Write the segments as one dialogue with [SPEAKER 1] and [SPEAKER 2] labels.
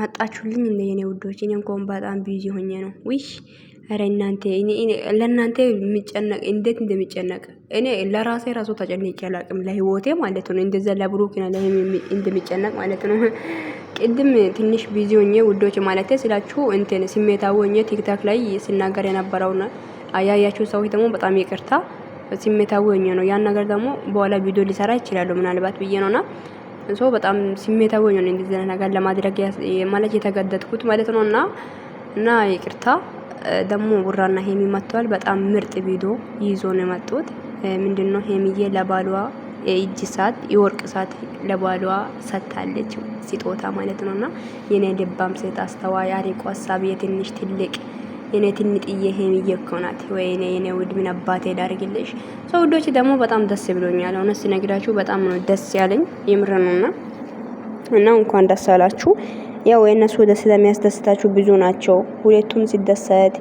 [SPEAKER 1] መጣችሁልኝ እንደ የኔ ውዶች። እኔ እንኳን በጣም ቢዚ ሆኜ ነው። ዊሽ ኧረ እናንተ ለእናንተ የሚጨነቅ እንዴት እንደሚጨነቅ እኔ ለራሴ ራሱ ተጨንቄ አላቅም፣ ለህይወቴ ማለት ነው። እንደዛ ለብሩክና እንደሚጨነቅ ማለት ነው። ቅድም ትንሽ ቢዚ ሆኜ ውዶች ማለት ስላችሁ እንትን ስሜታዊ ሆኜ ቲክታክ ላይ ስናገር የነበረውና አያያችሁ ሰዎች ደግሞ በጣም ይቅርታ ስሜታዊ ሆኜ ነው። ያን ነገር ደግሞ በኋላ ቪዲዮ ሊሰራ ይችላሉ ምናልባት ብዬ ነውና ሶ በጣም ስሜታዊ ሆኜ ነው እንደዚህ አይነት ነገር ለማድረግ ማለት የተገደድኩት ማለት ነው። እና እና ይቅርታ ደግሞ ቡራና ሄሚ መጥተዋል። በጣም ምርጥ ቪዲዮ ይዞ ነው የመጡት። ምንድነው ሄሚዬ ለባሏ የእጅ ሰዓት የወርቅ ሰዓት ለባሏ ሰጥታለች፣ ስጦታ ማለት ነውና የኔ ልባም ሴት አስተዋይ፣ አርቆ አሳቢ፣ የትንሽ ትልቅ የኔ ትንጥዬ ሄምዬ እኮ ናት። ወይኔ የኔ ውድ ምን አባቴ ዳርግልሽ። ሰው ውዶች ደግሞ በጣም ደስ ብሎኛል። እውነት ስነግራችሁ በጣም ነው ደስ ያለኝ የምር ነውና እና እንኳን ደስ አላችሁ። ያው የእነሱ ደስ ስለሚያስደስታችሁ ብዙ ናቸው። ሁለቱም ሲደሰት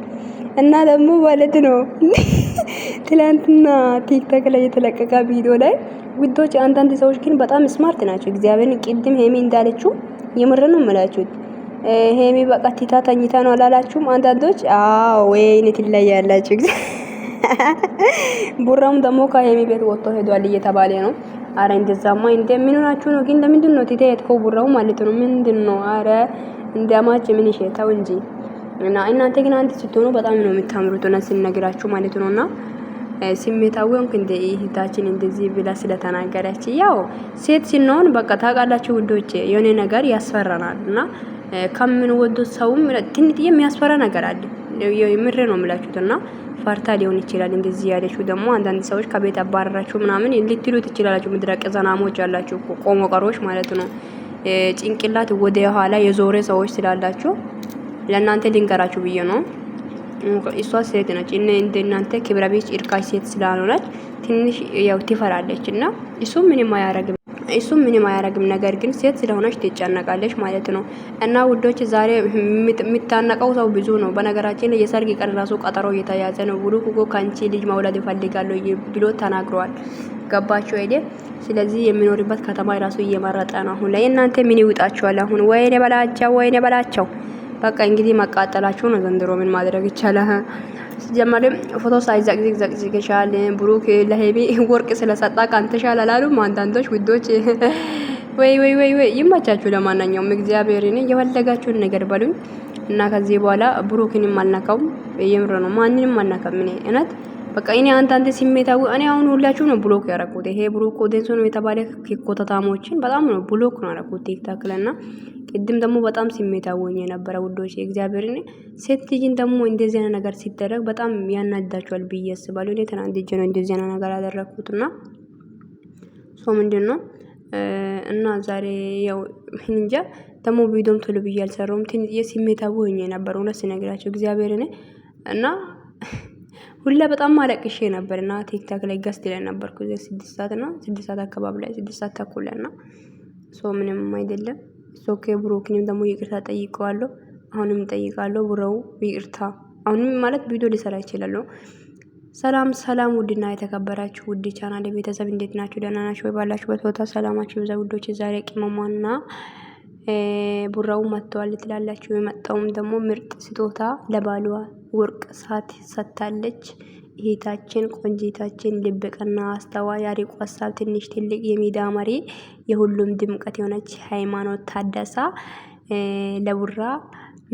[SPEAKER 1] እና ደግሞ ማለት ነው ትላንትና ቲክቶክ ላይ የተለቀቀ ቪዲዮ ላይ ውዶች፣ አንዳንድ ሰዎች ግን በጣም ስማርት ናቸው። እግዚአብሔርን ቅድም ሄሚ እንዳለችው የምር ነው የምላችሁት ሄሚ በቃ ቲታ ተኝታ ነው አላላችሁም? አንዳንዶች አዎ፣ ወይኔ ትለያላችሁ። ጊዜ ቡራም ደግሞ ከሄሚ ቤት ወጥቶ ሄዷል እየተባለ ነው። አረ እንደዛማ እንደ ምን ሆናችሁ ነው ግን? ለምንድን ነው ቲታ የትከው ቡራው ማለት ነው? ምንድን ነው? አረ እንደማች ምን ይሸታው እንጂ እና እናንተ ግን አንድ ስትሆኑ በጣም ነው የምታምሩት እና ስነግራችሁ ማለት ነውና ስሜታዊ ሆንክ እንደ እህታችን እንደዚህ ብላ ስለተናገረች፣ ያው ሴት ስንሆን በቃ ታውቃላችሁ ውዶቼ፣ የሆነ ነገር ያስፈራናል እና ከምንወዱት ሰውም ትንት የሚያስፈራ ነገር አለ። የምር ነው የምላችሁት እና ፈርታ ሊሆን ይችላል እንደዚህ ያለችው። ደግሞ አንዳንድ ሰዎች ከቤት አባረራችሁ ምናምን ልትሉ ትችላላችሁ። ምድረቅ ዘናሞች ያላችሁ ቆሞ ቀሮች ማለት ነው። ጭንቅላት ወደ ኋላ የዞረ ሰዎች ስላላችሁ ለእናንተ ልንገራችሁ ብዬ ነው። እሷ ሴት ነች። እንደ እናንተ ክብረ ቤት ሴት ስላልሆነች ትንሽ ያው ትፈራለች እና እሱ ምንም አያረግም። እሱ ምንም አያረግም። ነገር ግን ሴት ስለሆነች ትጨነቃለች ማለት ነው። እና ውዶች ዛሬ የሚታነቀው ሰው ብዙ ነው። በነገራችን የሰርግ ቀን ራሱ ቀጠሮ እየተያዘ ነው። ብሩክ እኮ ከአንቺ ልጅ መውለድ ይፈልጋለሁ ብሎ ተናግረዋል። ገባቸው ሄደ። ስለዚህ የሚኖርበት ከተማ ራሱ እየመረጠ ነው አሁን ላይ። እናንተ ምን ይውጣችኋል አሁን? ወይኔ በላቸው፣ ወይኔ በላቸው። በቃ እንግዲህ መቃጠላቸው ነው ዘንድሮ። ምን ማድረግ ይቻላል? ሲጀመር ፎቶ ሳይዘቅዝቅ ዘቅዝቅሻል፣ ብሩክ ለሄቢ ወርቅ ስለሰጣ ካንተሻል አላሉ አንዳንዶች ውዶች። ወይ ወይ ወይ ወይ ይመቻችሁ። ለማናኛውም እግዚአብሔርን የፈለጋችሁን ነገር በሉኝ እና ከዚህ በኋላ ብሩክንም አልነካውም። የምር ነው፣ ማንንም አልነካም። እኔ እነት በቃ እኔ አንዳንዴ ስሜታዊ እኔ አሁን ሁላችሁ ነው ብሎክ ያረኩት። ይሄ ብሩክ ኮቴንሶ ነው የተባለ ኮተታሞችን በጣም ነው ብሎክ ነው ያረኩት ቲክታክ ለና ቅድም ደግሞ በጣም ስሜታዊ ሆኜ ነበረ ውዶች። እግዚአብሔርን ሴት ልጅን ደግሞ እንደዚህ አይነት ነገር ሲደረግ በጣም ያናዳቸዋል ብዬ አስባለሁ። እኔ ልጅ ነው እንደዚህ አይነት ነገር ያደረግኩት እና ሶ ምንድን ነው እና ዛሬ ያው እንጃ ደግሞ ቪዲዮም ቶሎ ብዬ አልሰራውም። የስሜታዊ ሆኜ የነበረ እውነት ስነግራቸው እግዚአብሔርን እና ሁላ በጣም ማለቅሼ ነበር እና ቲክታክ ላይ ገስት ላይ ነበርኩ ስድስት ሰዓት እና ስድስት ሰዓት አካባቢ ላይ ስድስት ሰዓት ተኩል እና ሶ ምንም አይደለም። ሶኬ ብሩክንም ደግሞ ይቅርታ ጠይቀዋለሁ። አሁንም ጠይቃለሁ ብረው ይቅርታ አሁንም ማለት ቪዲዮ ሊሰራ ይችላሉ። ሰላም ሰላም፣ ውድና የተከበራችሁ ውድ ቻናል ቤተሰብ እንዴት ናችሁ? ደህና ናችሁ ወይ? ባላችሁበት ቦታ ሰላማችሁ ብዛ ውዶች። ዛሬ ቅመሟና ቡራው መጥተዋል ትላላችሁ። የመጣውም ደግሞ ምርጥ ስጦታ ለባሏ ወርቅ ሰዓት ሰጥታለች። እህታችን ቆንጂታችን ልበ ቀና፣ አስተዋይ፣ አርቆ ትንሽ ትልቅ የሜዳ መሪ፣ የሁሉም ድምቀት የሆነች ሃይማኖት ታደሳ ለቡራ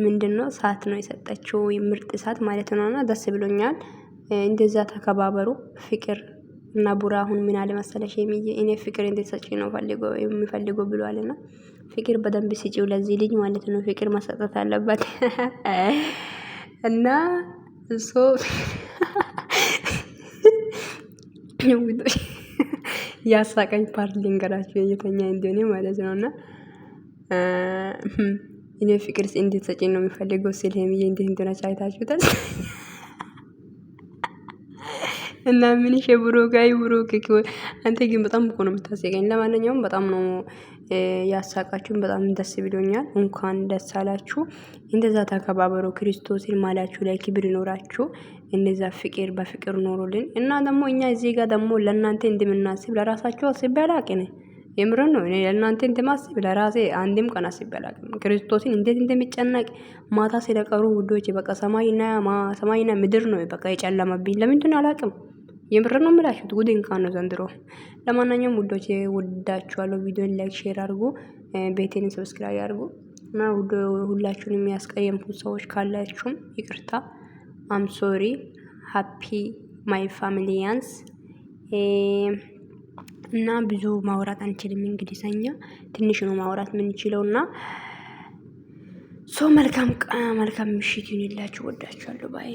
[SPEAKER 1] ምንድነው ሰዓት ነው የሰጠችው። ምርጥ ሰዓት ማለት እና ደስ ብሎኛል። እንደዛ ተከባበሩ ፍቅር እና ቡራ አሁን ምን አለ መሰለሽ የሚዬ እኔ ፍቅር እንዴት ሰጪ ነው ፈልጎ የሚፈልጎ እና ፍቅር በደንብ ስጪው ለዚህ ልጅ ማለት ነው። ፍቅር መሰጠት አለበት። እና ሶ ያሳቀኝ ፓርት ልንገራችሁ የተኛ እንዲሆን ማለት ነው። እና እኔ ፍቅር እንዴት ሰጪኝ ነው የሚፈልገው ሲል ሄምዬ እንዴት እንደሆነች አይታችሁታል። እና ምንሽ የብሮጋይ ብሮክ አንተ ግን በጣም እኮ ነው የምታስቀኝ። ለማንኛውም በጣም ነው ያሳቃችሁን በጣም ደስ ብሎኛል። እንኳን ደስ አላችሁ። እንደዛ ተከባበሩ። ክርስቶስን ማላችሁ ላይ ክብር ይኖራችሁ። እንደዛ ፍቅር በፍቅር ኖሩልን እና ደግሞ እኛ እዚህ ጋር ደግሞ ለእናንተ እንደምናስብ ለራሳችሁ አስብ ያላቅ ነ የምርን ነው እኔ ለእናንተ እንደማስብ ለራሴ አንድም ቀን አስብ ያላቅ ክርስቶስን እንዴት እንደሚጨነቅ ማታ ስለቀሩ ውዶች በቃ ሰማይና ምድር ነው በቃ የጨለመብኝ። ለምንድን አላቅም የምር ነው የምላችሁት። ጉድ እንኳን ነው ዘንድሮ። ለማናኛውም ውዶች ወዳችኋለሁ። ቪዲዮን ላይክ፣ ሼር አድርጉ፣ ቤቴን ሰብስክራይብ አድርጉ እና ሁላችሁን የሚያስቀየምኩ ሰዎች ካላችሁም ይቅርታ። አም ሶሪ። ሃፒ ማይ ፋሚሊያንስ እና ብዙ ማውራት አንችልም። እንግዲህ ሰኛ ትንሽ ነው ማውራት የምንችለው እና ሶ መልካም መልካም ምሽት ይሁንላችሁ። ወዳችኋለሁ ባይ